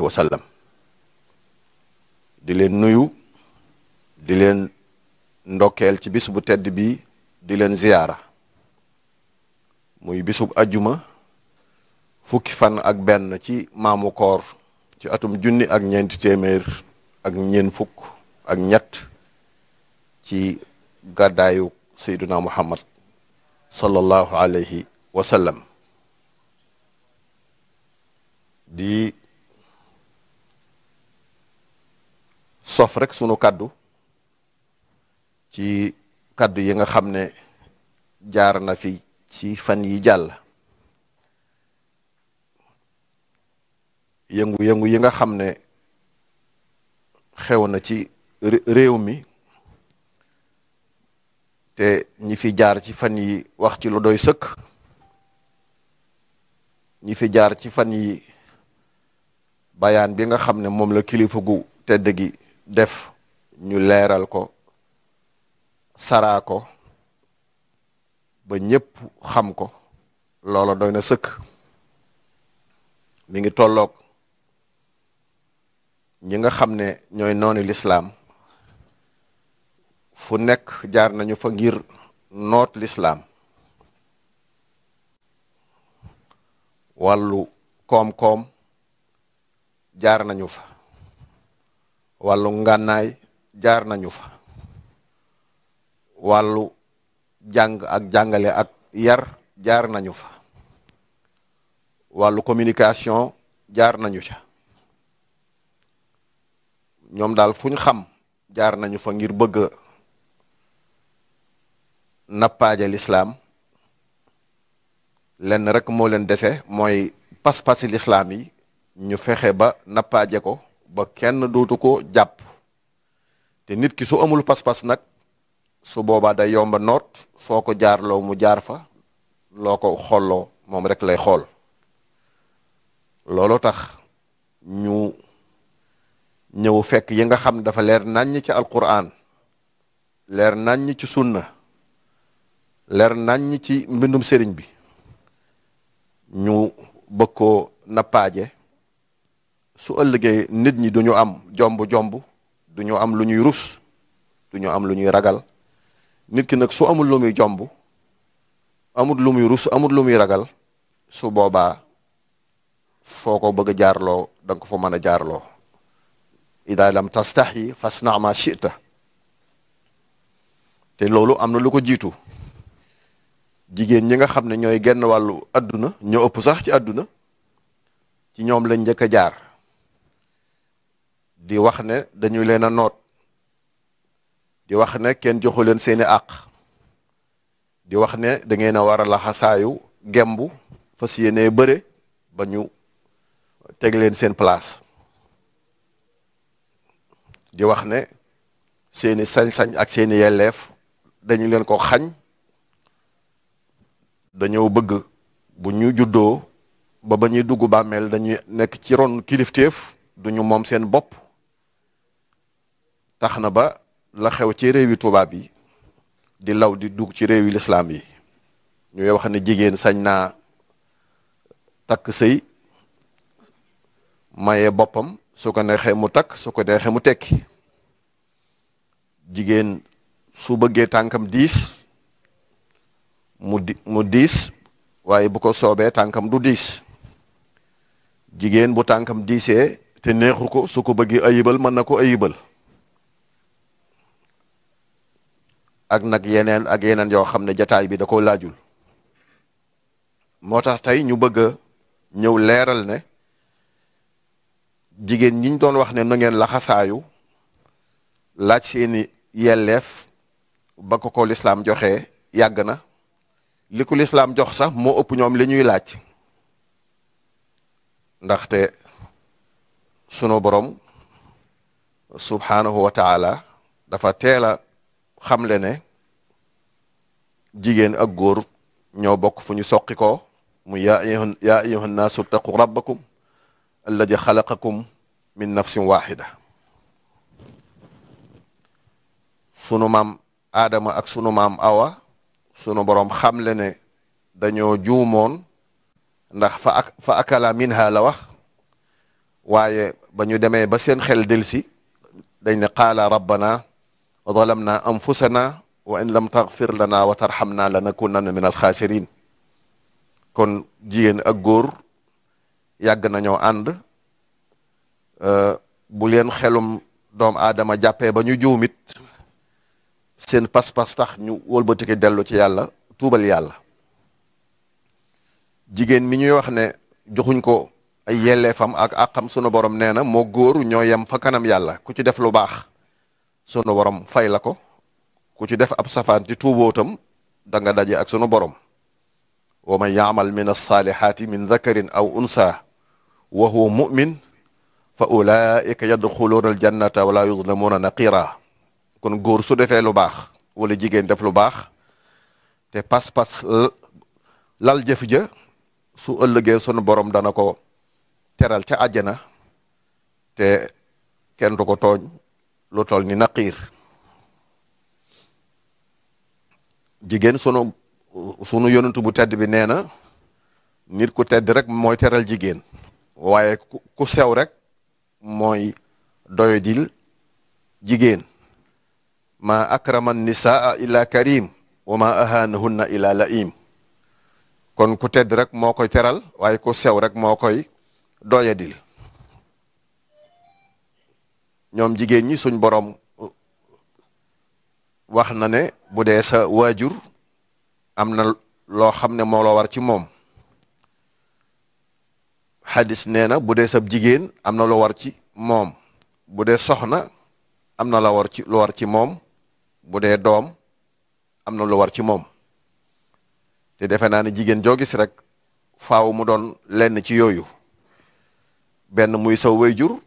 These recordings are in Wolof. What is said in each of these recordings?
alayhi wa di leen nuyu di leen ndokkeel ci bis bu tedd bi di leen ziyaara muy bisub ajjuma fukki fan ak benn ci maamu koor ci atum junni ak ñeenti téeméer ak ñeen fukk ak ñett ci gàddaayu sayduna muhammad sallallahu alayhi wa di sof rek sunu kàddu ci kàddu yi nga xam ne jaar na fi ci fan yi jàll yëngu-yëngu yi nga xam ne xew na ci réew mi te ñi fi jaar ci fan yi wax ci lu doy sëkk ñi fi jaar ci fan yi bayaan bi nga xam ne moom la kilifa gu tedd gi def ñu leeral ko saraa ko ba ñépp xam ko loola doy na sëkk mi ngi tolloog ñi nga xam ne ñooy nooni lislaam fu nekk jaar nañu fa ngir noot lislaam wàllu koom-koom jaar nañu fa wàllu ngànnaay jaar nañu fa wàllu jàng ak jàngale ak yar jaar nañu fa wàllu communication jaar nañu ca ñoom daal fu xam jaar nañu fa ngir bëgg nappaaje lislaam lenn rek moo leen dese mooy pas-pasi lislaam yi ñu fexe ba nappaaje ko ba kenn dootu ko jàpp te nit ki su amul pas-pas nag su boobaa day yomba noot foo ko jaarloo mu jaar fa loo ko xolloo moom rek lay xool loolu tax ñu ñëw fekk yi nga xam ne dafa leer naññ ci alquran leer naññ ci sunna leer naññ ci mbindum sëriñ bi ñu bëgg koo nappaaje su ëllëgee nit ñi duñu am jomb-jomb duñu am lu ñuy rus du ñu am lu ñuy ragal nit ki nag su amul lu muy jomb amul lu muy rus amut lu muy ragal su boobaa foo ko bëgg a jaarloo da nga ko fa mën a jaarloo ida fas tastaxi fasna ma chita te loolu am na lu ko jiitu jigéen ñi nga xam ne ñooy genn wàllu àdduna ñoo ëpp sax ci àdduna ci ñoom lañ njëkk a jaar di wax ne dañuy leen a noot di wax ne kenn joxu leen seeni àq di wax ne da ngeen a war a laxasaayu gemb fas yéenee bëre ba ñu teg leen seen place di wax ne seeni sañsañ ak seeni yelleef dañu leen ko xañ dañoo bëgg bu ñu juddoo ba ba ñuy dugg bàmmeel dañuy nekk ci ron kilifteef du ñu moom seen bopp tax na ba la xew ci réewi tubaab yi di law di dugg ci réewi lislaam yi ñu wax ne jigéen sañ naa takk say maye boppam su ko neexee mu takk su ko neexee mu tekki jigéen su bëggee tànkam diis mu diis waaye bu ko soobee tànkam du diis jigéen bu tànkam diisee te neexu ko su ko bëggee yibal mën na ko ayibal ak nag yeneen ak yeneen yoo xam ne jataay bi da ko laajul moo tax tey ñu bëgg a ñëw leeral ne jigéen ñiñ doon wax ne na ngeen laxasaayu laaj seeni yelleef ba ko ko lislaam joxe yàgg na li ko lislaam jox sax moo ëpp ñoom li ñuy laaj ndaxte sunu borom subhanahu wa dafa teel xamle ne jigéen ak góor ñoo bokk fu ñu soqi ko mu yaa yaa ayyuhan naasu taqu rabbakum alladi xalaqakum min nafsin waxida sunu maam aadama ak sunu maam awa sunu boroom xamle ne dañoo juumoon ndax fa ak fa akala minha la wax waaye ba ñu demee ba seen xel delsi dañ ne qaala rabbana wa zalamna anfusana wa in lam taghfir lana wa tarhamna lanakunanna min alxaasirin kon jigéen ak góor yàgg nañoo ànd euh, bu leen xelum doom aadama jàppee ba ñu juumit seen pas-pas tax ñu wëlbatiki dellu ci yàlla tuubal yàlla jigéen mi ñuy wax ne joxuñ ko ay yelleefam ak àqam sunu borom nee na moo góor ñoo yem fa kanam yàlla ku ci def lu baax sunu borom fay la ko ku ci def ab safaan ci tuubootam da daje ak sunu borom wa man yaamal min alsaalihaati min dakarin aw unsa wa huwa mumin fa ulaika yadxuluuna aljannata wala yuzlamuuna naqira kon góor su defee lu baax wala jigéen def lu baax te pas-pas lal jëf ja su ëllëgee sunu borom dana ko teral ca àjjana te kenn du ko tooñ lu tool ni naqiir jigéen sunu sunu yonantu bu tedd bi nee na nit ku tedd rek mooy teral jigéen waaye ku sew rek mooy doyodil jigéen ma akrama nisaa illa karim wa ma ahanahunna illa laim kon ku tedd rek mo koy teral waaye ku sew rek moo koy doyodil ñoom jigéen ñi suñ borom uh, wax na ne bu dee sa waajur am na loo xam ne moo la war ci moom xadis nee na bu dee sab jigéen am na lu war ci moom bu dee soxna am na la war ci ci moom bu dee doom am na lu war ci moom te defe naa ne jigéen joo gis rek faaw mu doon lenn ci yooyu benn muy sa waajur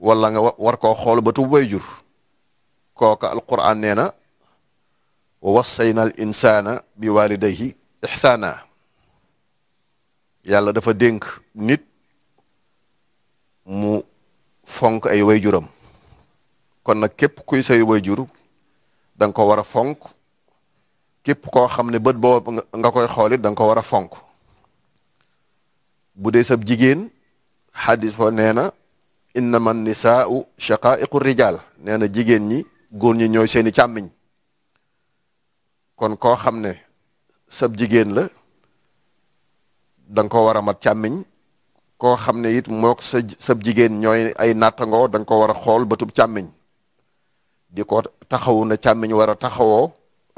walla nga war koo xool batu tu jur kooka alquran nee na wa wassayna al insaana bi walidayhi ixsaana yàlla dafa dénk nit mu fonk ay way juram kon nag képp kuy say way jur da ko war a fonk képp koo xam ne bët boobu nga koy xoolit da ko war a fonk bu dee sab jigéen xadis fa nee na innama nisaau shaqaiqu rijal nee na jigéen ñi góor ñi ñooy seeni càmmiñ kon koo xam ne sab jigéen la da ko war a mat càmmiñ koo xam ne it mook sab jigéen ñooy ay nattangoo da nga ko war a xool batub càmmiñ di ko taxawu na càmmiñ war a taxawoo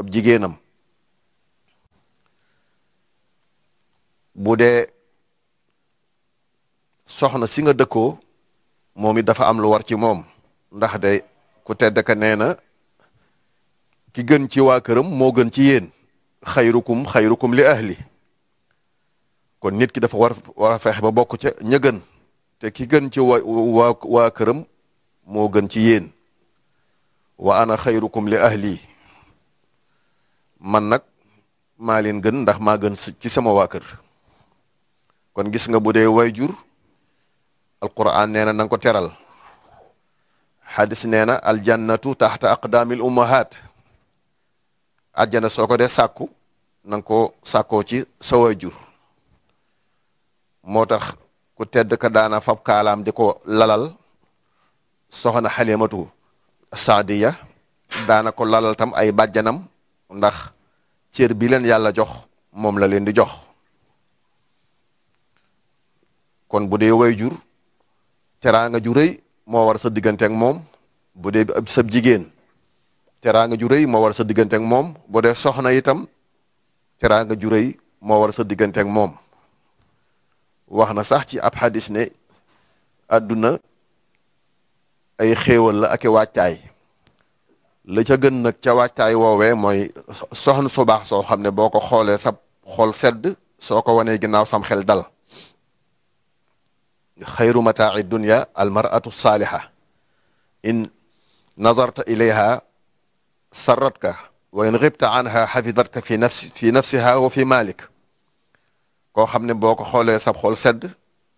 ab jigéenam bu dee soxna si nga dëkkoo moom it dafa am lu war ci moom ndax de ku tedd ka nee na ki gën ci waa këram moo gën ci yéen xayrukum xayrukum li ahli kon nit ki dafa war a fexe ba bokk ca ña gën te ki gën ci wa waa waa këram moo gën ci yéen wa ana xayrukum li ahli man nag maa leen gën ndax maa gën ci sama waa kër kon gis nga bu dee way jur alquran nee na na ko teral xadis nee na aljannatu taxta aqdaamil ummahaat àjjana soo ko dee sàkku na ko sàkkoo ci sa waajur moo tax ku tedd ka daana fab kaalaam di ko lalal soxna xalimatu saadiya daana ko lalal tam ay bàjjanam ndax cër bi leen yàlla jox moom la leen di jox kon bu dee teraanga ju rëy moo war sa diggante ak moom bu dee sa jigéen teraanga ju rëy moo war sa diggante moom bu dee soxna itam teraanga ju rëy moo war sa diggante moom wax na sax ci ab xadis ne àdduna ay xéewal la ak wàccaay la ca gën nag ca wàccaay woowee mooy soxna su baax soo xam ne boo ko xoolee sa xol sedd soo ko wanee ginnaaw sam xel dal xayru mataai dunya almaratu saaliha in nazarta ilayha sarratka wa in xibta anha xafidatka fi nafsi fi wa fi malik koo xam ne boo ko xoolee sab xool sedd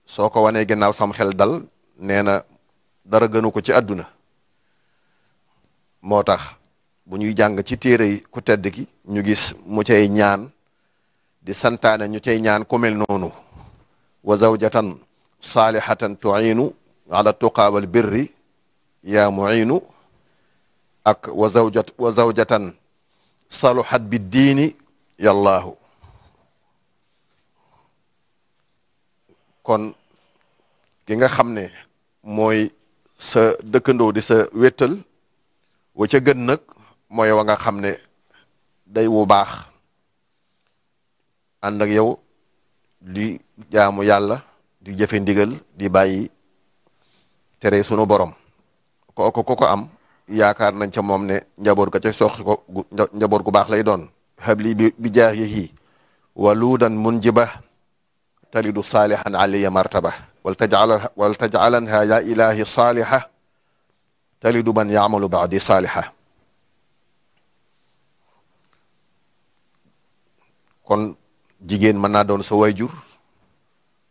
soo ko wanee ginnaaw sam xel dal nee na dara gënu ko ci àdduna moo tax bu ñuy jàng ci téere yi ku tedd ki ñu gis mu cay ñaan di santaane ñu cay ñaan ku mel noonu wa zawjatan saalihatan tuinu ala tuqaa wal birri yaa muinu ak wa zawjat wa zawjatan saluhat bi diini yallaahu kon ki nga xam ne mooy sa dëkkandoo di sa wéttal wa ca gën nag mooy wa nga xam ne day wu baax ànd ak yow di jaamu yàlla di jëfe ndigal di bàyyi tere sunu borom kooku ku ko am yaakaar nañ ca moom ne njaboot gu baax lay doon habli bi bi jaahihi waluudan munjiba talidu saalihan aliya martaba wal tajala wal tajalanha ya ilahi saaliha talidu man yaamalu baadi saaliha kon jigéen mën naa doon sa wayjur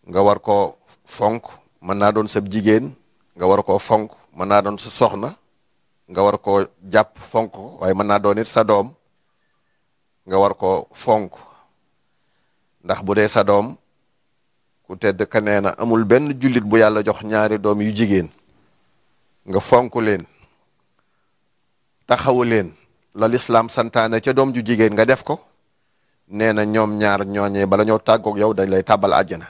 nga war koo fonk mën naa doon sab jigéen nga war koo fonk mën naa doon sa soxna nga war koo jàpp fonk ko waaye mën naa doon sa doom nga war koo fonk ndax bu dee sa doom ku tedd ka nee na amul benn jullit bu yàlla jox ñaari doom yu jigéen nga fonk leen taxawu leen la lislaam santaane ca doom ju jigéen nga def ko nee na ñoom ñaar ñooñee bala ñoo tàggoog yow dañ lay tàbbal àjjana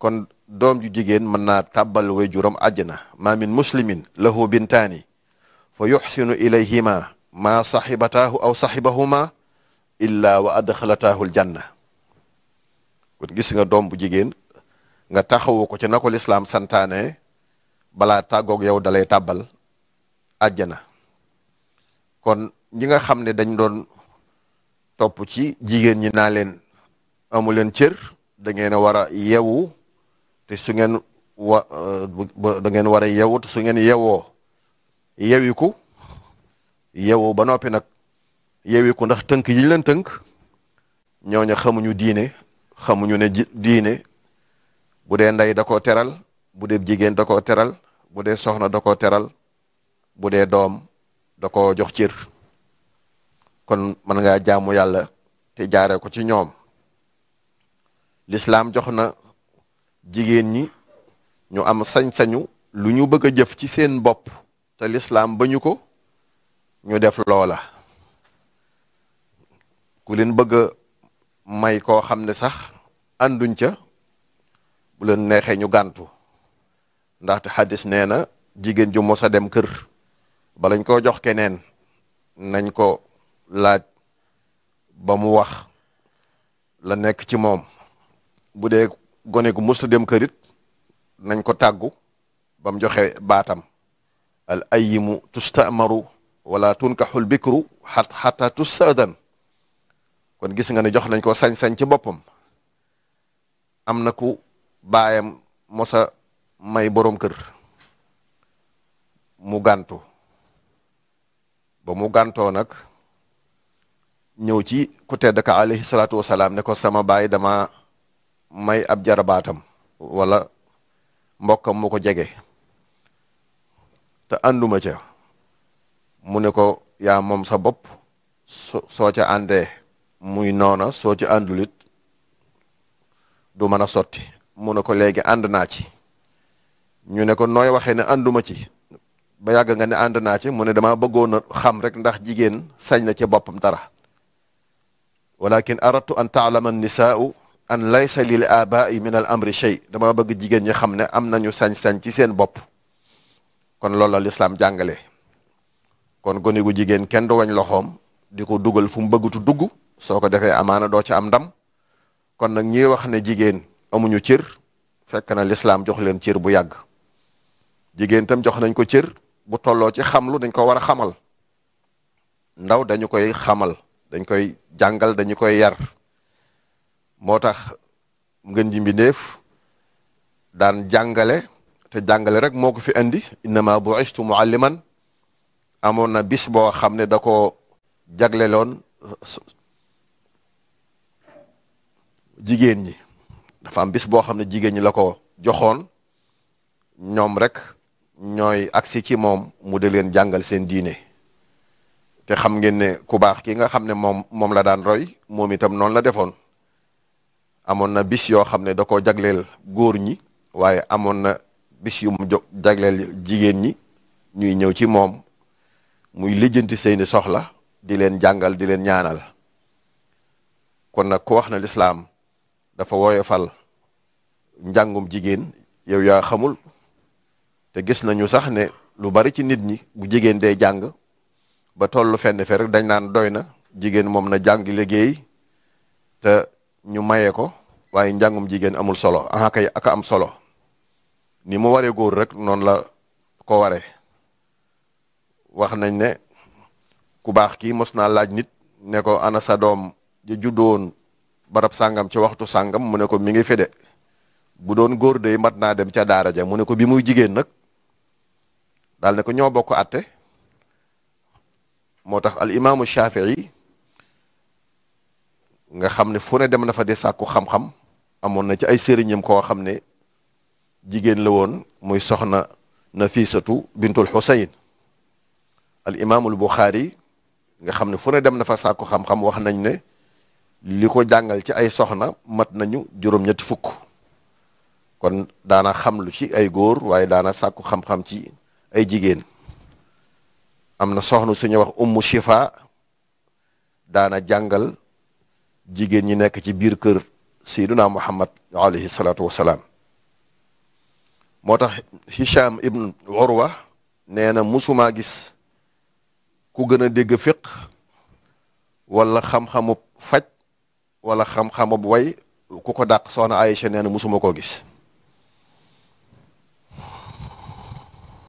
kon doom ju jigéen mën naa tàbbal waajuram àjjana maa min muslimin lahu bintaani fa yuxsinu ilayhima maa saxibataahu aw saxibahuma illa wa adxalataahu aljanna kon gis nga doom bu jigéen nga taxawu ko ci na ko lislaam santaane balaa tàggoog yow dalay tàbbal àjjana kon ñi nga xam ne dañ doon topp ci jigéen ñi naa leen amu leen cër da ngeen a war a yewu te su ngeen wa da ngeen war a yeewu te su ngeen yeewoo yeewiku yeewu ba noppi nag yeewiku ndax tënk yi ñu leen tënk ñooñu xamuñu diine xamuñu ne diine bu dee ndey da koo teral bu dee jigéen da koo teral bu dee soxna da koo teral bu dee doom da koo jox cër kon mën ngaa jaamu yàlla te jaaree ko ci ñoom lislaam jox jigéen ñi ñu am sañ-sañu lu ñu bëgg a jëf ci seen bopp te lislaam ba ñu ko ñu def loola ku leen bëgg a may koo xam ne sax ànduñ ca bu leen neexee ñu gàntu ndaxte xadis nee na jigéen ju mos a dem kër balañ koo jox keneen nañ ko laaj ba mu wax la nekk ci moom bu dee gone gu musta dem kërit nañ ko tàggu ba mu joxe baatam al ayyimu tustamaru wala tunkaxul bikru xat xata tustadan kon gis nga ne jox nañ ko sañ-sañ ci boppam am na ku baayam mosa may boroom kër mu gantu ba mu gàntoo nag ñëw ci ku tedd ka alayhi salaatu wasalaam ne ko sama baay dama may ab jarabaatam wala mbokkam mu ko jege te ànduma ca mu ne ko yaa moom sa bopp soo ca àndee muy noona soo ca àndulit du mën a sotti mu ne ko léegi ànd naa ci ñu ne ko nooy waxee ne ànduma ci ba yàgg nga ne ànd naa ci mu ne dama bëggoon a xam rek ndax jigéen sañ na ci boppam dara walakin aratu an taalama nisaau an laysa lil abai min al amri shay dama bëgg jigéen ñi xam ne am nañu sañ-sañ ci seen bopp kon loolu la lislaam jàngale kon gone gu jigéen kenn du wañ loxoom di ko dugal fu mu bëggutu dugg soo ko defee amaana doo ci am ndam kon nag ñi wax ne jigéen amuñu cër fekk na lislaam jox leen cër bu yàgg jigéen tam jox nañ ko cir bu tolloo ci xamlu dañ ko war a xamal ndaw dañu koy xamal dañ koy jàngal dañu koy yar moo tax ngeen ji mbindeef daan jàngale te jàngale rek moo ko fi andi innama bu'istu mualliman amoon na bis boo xam ne da ko jagleloon jigéen ñi dafa am bis boo xam ne jigéen ñi la ko joxoon ñoom rek ñooy agsi ci moom mu de leen jàngal seen diine te xam ngeen ne ku baax ki nga xam ne moom moom la daan roy moom itam noonu la defoon amoon na bis yoo xam ne da koo jagleel góor ñi waaye amoon na bis yu mu jagleel jigéen ñi ñuy ñëw ci moom muy lijjanti seeni soxla di leen jàngal di leen ñaanal kon nag ku wax na lislaam dafa woyofal njàngum jigéen yow yaa xamul te gis nañu sax ne lu bari ci nit ñi bu jigéen de jàng ba tollu fenn fe rek dañ naan doy na jigéen moom na jàng liggéey te ñu maye ko waaye njàngum jigéen amul solo aha kay am solo ni mu waree góor rek noonu la ko ware wax nañ ne ku baax kii mos naa laaj nit ne ko ana sa doom ju juddoon barab sàngam ci waxtu sàngam mu ne ko mi ngi fede bu doon góor day mat naa dem ca daara mu ne ko bi muy jigéen nag daal ne ko ñoo bokk atte moo tax al imaamu Shafii nga xam ne fu ne dem na fa de sàkku xam-xam amoon na ci ay sëriñam koo xam ne jigéen la woon muy soxna Nafisatu bintul Xusayn al imaamul Buxaari nga xam ne fu ne dem na fa sàkku xam-xam wax nañ ne li ko jàngal ci ay soxna mat nañu juróom-ñetti fukk kon daana xam lu ci ay góor waaye daana sàkku xam-xam ci ay jigéen am na soxna suñu wax ummu Shifa daana jàngal jigéen ñi nekk ci biir kër sayyiduna muhammad alayhi salaatu wasalaam moo tax hisham ibn urwa nee na musumaa gis ku gën a dégg fiq wala xam-xamub faj wala xam-xamub way ku ko dàq soxna Aïcha nee na musuma koo gis